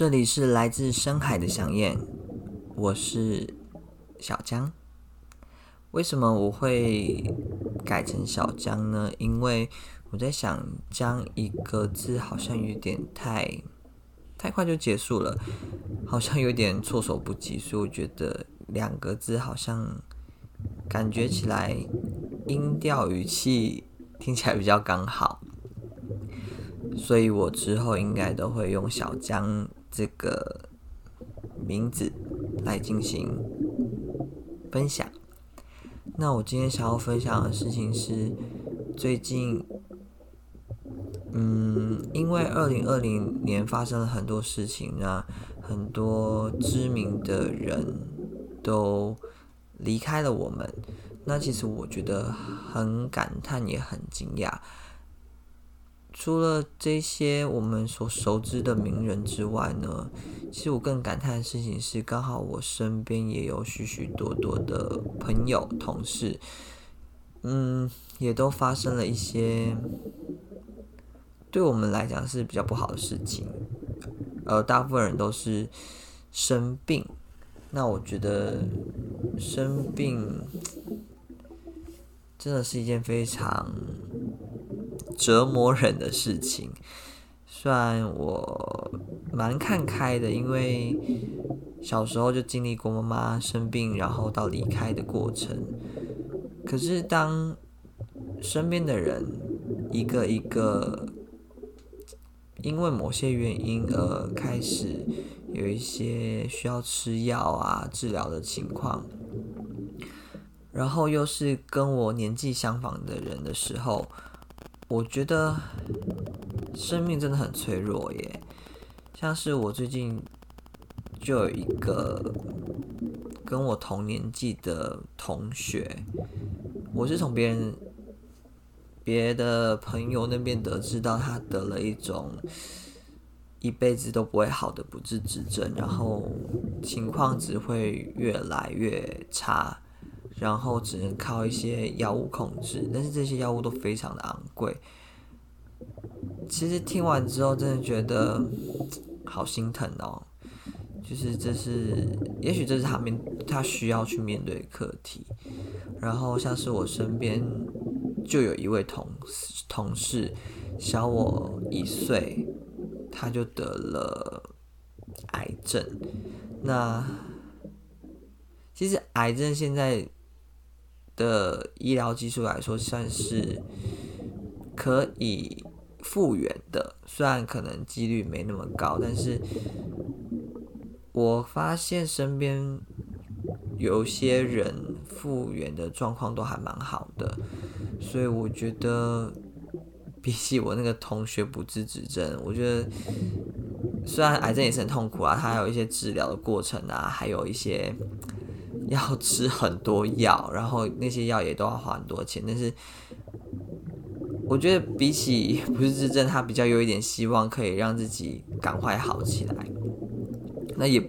這裡是來自深海的響燕，我是小江。為什麼我會改成小江呢？因為我在想，江一個字好像有點太太快就結束了，好像有點措手不及，所以我覺得兩個字好像感覺起來音調語氣聽起來比較剛好。所以我之後應該都會用小江這個名字來進行分享。那我今天想要分享的事情是，最近，嗯，因為二零二零年發生了很多事情呢，很多知名的人都離開了我們。那其實我覺得很感嘆，也很驚訝。除了這些我們所熟知的名人之外呢，其實我更感嘆的事情是，剛好我身邊也有許許多多多的朋友、同事，嗯，也都發生了一些對我們來講是比較不好的事情。而大部分人都是生病，那我覺得生病真的是一件非常。折磨人的事情，雖然我蠻看開的，因為小時候就經歷過媽媽生病，然後到離開的過程。可是當身邊的人一個一個因為某些原因而開始有一些需要吃藥啊、治療的情況，然後又是跟我年紀相仿的人的時候，我覺得生命真的很脆弱耶，像是我最近就有一個跟我同年紀的同學，我是從別人別的朋友那邊得知到他得了一種一輩子都不會好的不治之症，然後情況只會越來越差。然後只能靠一些藥物控制，但是這些藥物都非常的昂貴。其實聽完之後，真的覺得好心疼哦。就是這是，也許這是他面他需要去面對課題。然後像是我身邊就有一位同同事，小我一歲，他就得了癌症。那其實癌症現在。的醫療技術來說，算是可以復原的。雖然可能幾率沒那麼高，但是我發現身邊有些人復原的狀況都還蠻好的，所以我覺得比起我那個同學不治之症，我覺得雖然癌症也是很痛苦啊，它還有一些治療的過程啊，還有一些。要吃很多藥，然後那些藥也都要花很多錢。但是，我覺得比起不治之症，他比較有一點希望，可以讓自己趕快好起來。那也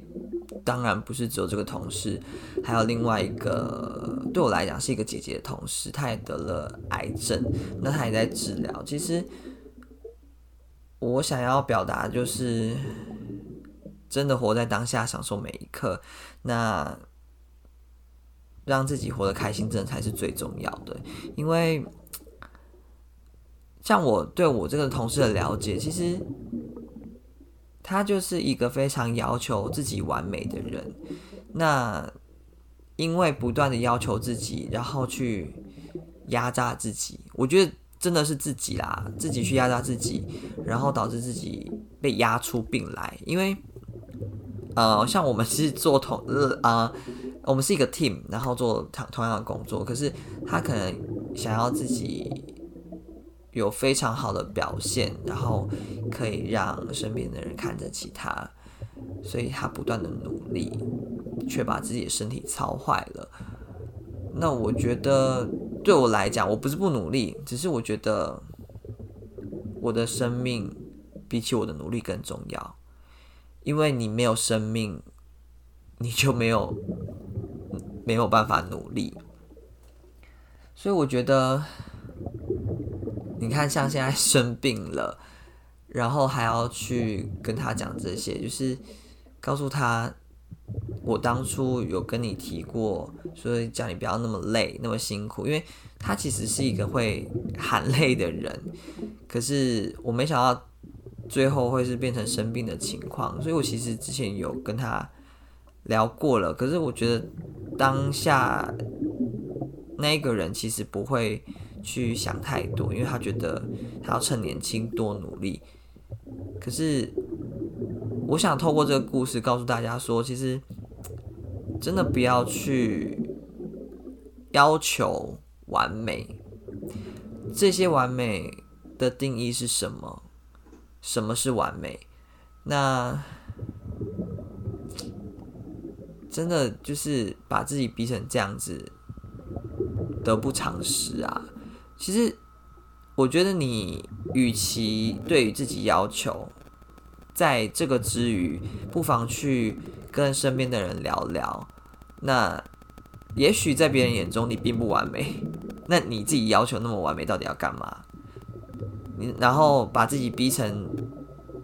當然不是只有這個同事，還有另外一個對我來講是一個姐姐的同事，他也得了癌症，那他也在治療。其實，我想要表達就是，真的活在當下，享受每一刻。那。讓自己活得開心，真的才是最重要的。因為像我對我這個同事的了解，其實他就是一個非常要求自己完美的人。那因為不斷的要求自己，然後去壓榨自己，我覺得真的是自己啦，自己去壓榨自己，然後導致自己被壓出病來。因為呃，像我們是做同啊。呃呃我們是一個 team，然後做同樣的工作，可是他可能想要自己有非常好的表現，然後可以讓身邊的人看得起他，所以他不斷的努力，卻把自己的身體操壞了。那我覺得對我來講，我不是不努力，只是我覺得我的生命比起我的努力更重要，因為你沒有生命，你就沒有。沒有辦法努力，所以我覺得，你看，像現在生病了，然後還要去跟他講這些，就是告訴他，我當初有跟你提過，所以叫你不要那麼累，那麼辛苦，因為他其實是一個會喊累的人，可是我沒想到最後會是變成生病的情況，所以我其實之前有跟他聊過了，可是我覺得。當下那個人其實不會去想太多，因為他覺得他要趁年輕多努力。可是，我想透過這個故事告訴大家說，其實真的不要去要求完美。這些完美的定義是什麼？什麼是完美？那……真的就是把自己逼成這樣子，得不償失啊！其實，我覺得你與其對於自己要求，在這個之餘，不妨去跟身邊的人聊聊。那也許在別人眼中你並不完美，那你自己要求那麼完美，到底要幹嘛？你然後把自己逼成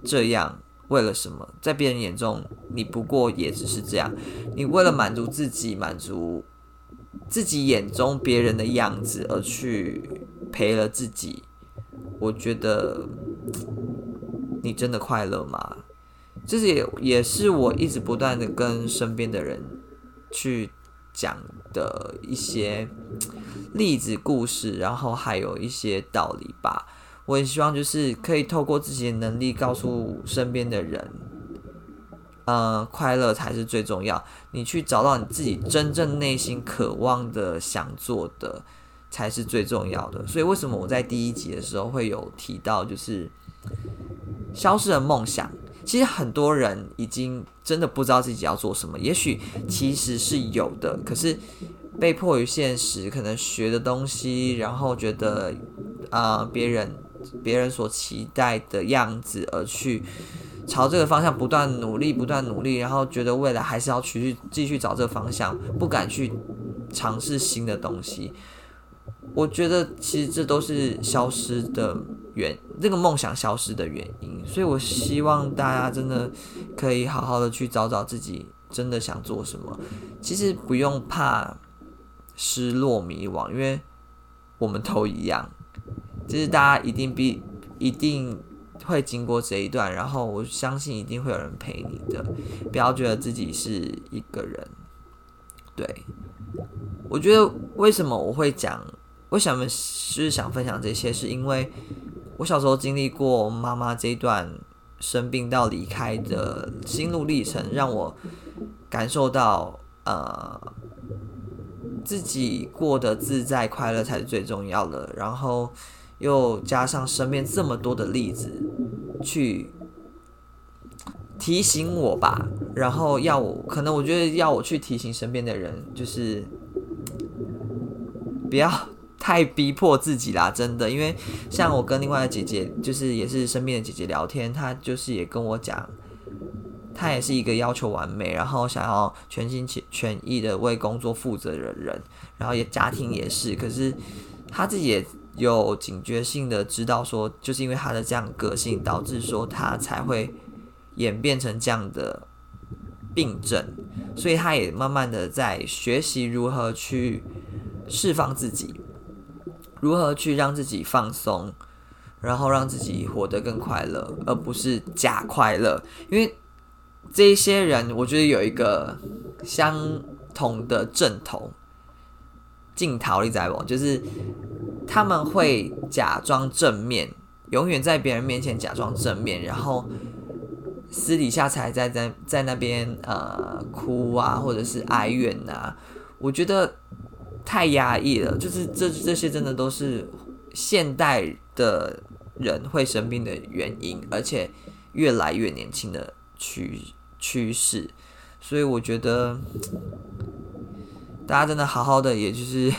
這樣。為了什麼？在別人眼中，你不過也只是這樣。你為了滿足自己，滿足自己眼中別人的樣子而去陪了自己，我覺得你真的快樂嗎？這是也也是我一直不斷的跟身邊的人去講的一些例子故事，然後還有一些道理吧。我也希望就是可以透過自己的能力告訴身邊的人，呃，快樂才是最重要。你去找到你自己真正內心渴望的、想做的才是最重要的。所以，為什麼我在第一集的時候會有提到，就是消失的夢想？其實很多人已經真的不知道自己要做什麼。也許其實是有的，可是被迫於現實，可能學的東西，然後覺得啊，別人。別人所期待的樣子而去，朝這個方向不斷努力，不斷努力，然後覺得未來還是要去繼續找這個方向，不敢去嘗試新的東西。我覺得其實這都是消失的原，這個夢想消失的原因。所以，我希望大家真的可以好好的去找找自己真的想做什麼。其實不用怕失落迷惘，因為我們都一樣。就是大家一定必，一定會經過這一段，然後我相信一定會有人陪你的，不要覺得自己是一個人。對，我覺得為什麼我會講，為什麼是想分享這些，是因為我小時候經歷過媽媽這一段生病到離開的心路歷程，讓我感受到呃自己過得自在快樂才是最重要的，然後。又加上身邊這麼多的例子，去提醒我吧，然後要我可能我覺得要我去提醒身邊的人，就是不要太逼迫自己啦，真的，因為像我跟另外的姐姐，就是也是身邊的姐姐聊天，她就是也跟我講，她也是一個要求完美，然後想要全心全全意的為工作負責的人，然後也家庭也是，可是她自己也。有警覺性的知道說，就是因為他的這樣個性，導致說他才會演變成這樣的病症，所以他也慢慢的在學習如何去釋放自己，如何去讓自己放鬆，然後讓自己活得更快樂，而不是假快樂。因為這些人，我覺得有一個相同的症頭淨逃離，你知道嗎？就是他們會假裝正面，永遠在別人面前假裝正面，然後私底下才在在在那邊呃哭啊，或者是哀怨吶、啊。我覺得太壓抑了，就是這這些真的都是現代的人會生病的原因，而且越來越年輕的趨趨勢，所以我覺得。大家真的好好的，也就是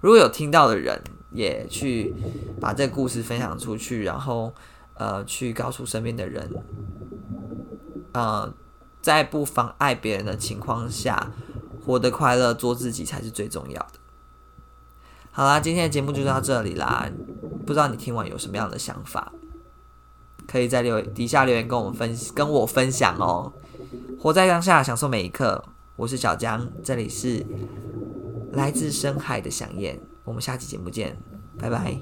如果有聽到的人，也去把這故事分享出去，然後呃，去告訴身邊的人，呃，在不妨礙別人的情況下，活得快樂，做自己才是最重要的。好啦，今天的節目就到這裡啦，不知道你聽完有什麼樣的想法，可以在留底下留言跟我們分跟我分享哦。活在當下，享受每一刻。我是小江，這裡是來自深海的想念。我們下期節目見，拜拜。